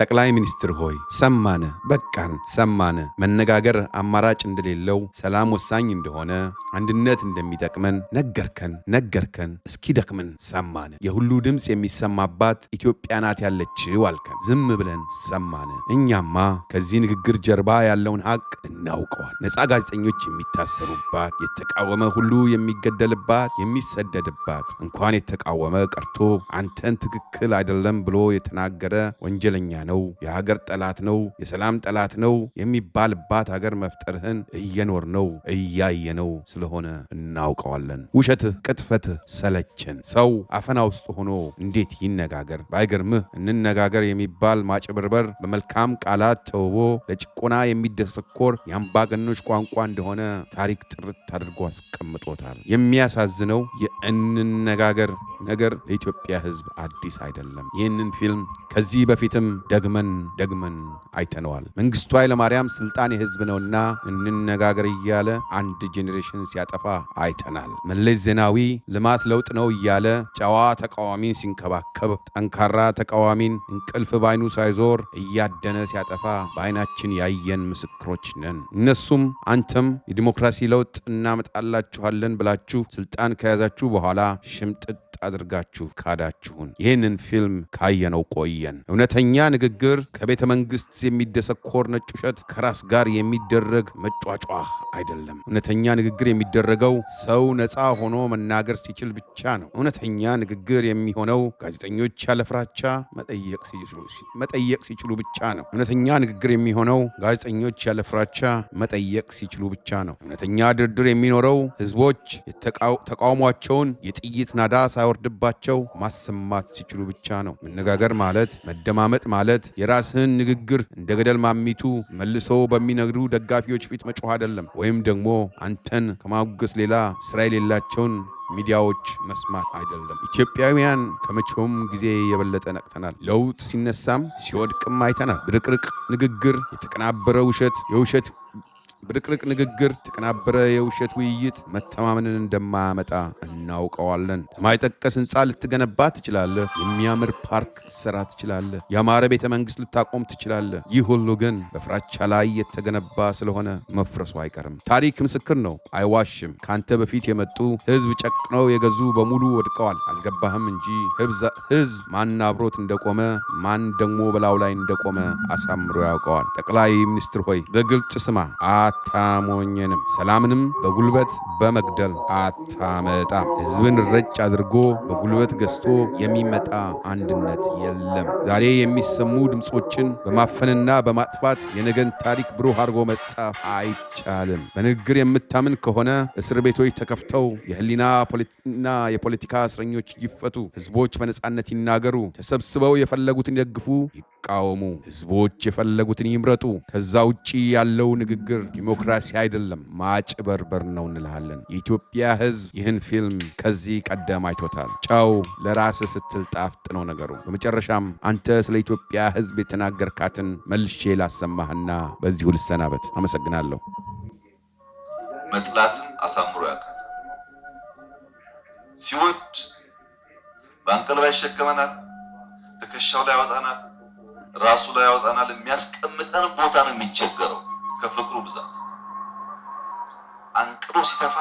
ጠቅላይ ሚኒስትር ሆይ ሰማን፣ በቃን፣ ሰማን። መነጋገር አማራጭ እንደሌለው፣ ሰላም ወሳኝ እንደሆነ፣ አንድነት እንደሚጠቅመን ነገርከን፣ ነገርከን፣ እስኪደክመን ሰማን። የሁሉ ድምፅ የሚሰማባት ኢትዮጵያ ናት ያለችው አልከን። ዝም ብለን ሰማን። እኛማ ከዚህ ንግግር ጀርባ ያለውን ሀቅ እናውቀዋል። ነፃ ጋዜጠኞች የሚታሰሩባት፣ የተቃወመ ሁሉ የሚገደልባት፣ የሚሰደድባት እንኳን የተቃወመ ቀርቶ አንተን ትክክል አይደለም ብሎ የተናገረ ወንጀለኛ ነው፣ የሀገር ጠላት ነው፣ የሰላም ጠላት ነው የሚባልባት ሀገር መፍጠርህን እየኖር ነው እያየ ነው ስለሆነ እናውቀዋለን። ውሸትህ፣ ቅጥፈትህ ሰለችን። ሰው አፈና ውስጥ ሆኖ እንዴት ይነጋገር? ባይገርምህ እንነጋገር የሚባል ማጭበርበር በመልካም ቃላት ተውቦ ለጭቆና የሚደሰኮር የአምባገኖች ቋንቋ እንደሆነ ታሪክ ጥርት አድርጎ አስቀምጦታል። የሚያሳዝነው የእንነጋገር ነገር ለኢትዮጵያ ሕዝብ አዲስ አይደለም። ይህንን ፊልም ከዚህ በፊትም ደግመን ደግመን አይተነዋል። መንግስቱ ኃይለማርያም ስልጣን የህዝብ ነውና እንነጋገር እያለ አንድ ጄኔሬሽን ሲያጠፋ አይተናል። መለስ ዜናዊ ልማት ለውጥ ነው እያለ ጨዋ ተቃዋሚን ሲንከባከብ፣ ጠንካራ ተቃዋሚን እንቅልፍ ባይኑ ሳይዞር እያደነ ሲያጠፋ በአይናችን ያየን ምስክሮች ነን። እነሱም አንተም የዲሞክራሲ ለውጥ እናመጣላችኋለን ብላችሁ ስልጣን ከያዛችሁ በኋላ ሽምጥጥ አድርጋችሁ ካዳችሁን። ይህንን ፊልም ካየነው ቆየን። እውነተኛ ንግግር ከቤተ መንግሥት የሚደሰኮር ነጭ ውሸት ከራስ ጋር የሚደረግ መጫጫ አይደለም። እውነተኛ ንግግር የሚደረገው ሰው ነፃ ሆኖ መናገር ሲችል ብቻ ነው። እውነተኛ ንግግር የሚሆነው ጋዜጠኞች ያለፍራቻ መጠየቅ ሲችሉ ብቻ ነው። እውነተኛ ንግግር የሚሆነው ጋዜጠኞች ያለፍራቻ መጠየቅ ሲችሉ ብቻ ነው። እውነተኛ ድርድር የሚኖረው ህዝቦች ተቃውሟቸውን የጥይት ናዳ ሳያወርድባቸው ማሰማት ሲችሉ ብቻ ነው። መነጋገር ማለት መደማመጥ ማለት የራስህን ንግግር እንደ ገደል ማሚቱ መልሶ በሚነግሩ ደጋፊዎች ፊት መጮህ አይደለም። ወይም ደግሞ አንተን ከማውገስ ሌላ ስራ የሌላቸውን ሚዲያዎች መስማት አይደለም። ኢትዮጵያውያን ከመቼውም ጊዜ የበለጠ ነቅተናል። ለውጥ ሲነሳም ሲወድቅም አይተናል። ብርቅርቅ ንግግር፣ የተቀናበረ ውሸት፣ የውሸት ብርቅርቅ ንግግር፣ የተቀናበረ የውሸት ውይይት መተማመንን እንደማያመጣ እናውቀዋለን። የማይጠቀስ ህንፃ ልትገነባ ትችላለህ። የሚያምር ፓርክ ልትሰራ ትችላለህ። ያማረ ቤተ መንግሥት ልታቆም ትችላለህ። ይህ ሁሉ ግን በፍራቻ ላይ የተገነባ ስለሆነ መፍረሱ አይቀርም። ታሪክ ምስክር ነው፣ አይዋሽም። ካንተ በፊት የመጡ ሕዝብ ጨቅነው የገዙ በሙሉ ወድቀዋል። አልገባህም እንጂ ሕዝብ ማን አብሮት እንደቆመ ማን ደግሞ በላዩ ላይ እንደቆመ አሳምሮ ያውቀዋል። ጠቅላይ ሚኒስትር ሆይ በግልጽ ስማ፣ አታሞኘንም። ሰላምንም በጉልበት በመግደል አታመጣም። ህዝብን ረጭ አድርጎ በጉልበት ገዝቶ የሚመጣ አንድነት የለም። ዛሬ የሚሰሙ ድምፆችን በማፈንና በማጥፋት የነገን ታሪክ ብሩህ አድርጎ መጻፍ አይቻልም። በንግግር የምታምን ከሆነ እስር ቤቶች ተከፍተው የህሊና ና የፖለቲካ እስረኞች ይፈቱ፣ ህዝቦች በነፃነት ይናገሩ፣ ተሰብስበው የፈለጉትን ይደግፉ ይቃወሙ፣ ህዝቦች የፈለጉትን ይምረጡ። ከዛ ውጭ ያለው ንግግር ዲሞክራሲ አይደለም፣ ማጭበርበር ነው እንልሃለን። የኢትዮጵያ ህዝብ ይህን ፊልም ከዚህ ቀደም አይቶታል። ጨው ለራስ ስትል ጣፍጥ ነው ነገሩ። በመጨረሻም አንተ ስለ ኢትዮጵያ ህዝብ የተናገርካትን መልሼ ላሰማህና በዚሁ ልሰናበት። አመሰግናለሁ። መጥላትን አሳምሮ ያውቃል። ሲወድ በአንቀልባ ይሸከመናል፣ ትከሻው ላይ ያወጣናል። ራሱ ላይ ያወጣናል። የሚያስቀምጠን ቦታ ነው የሚቸገረው ከፍቅሩ ብዛት አንቅሮ ሲተፋ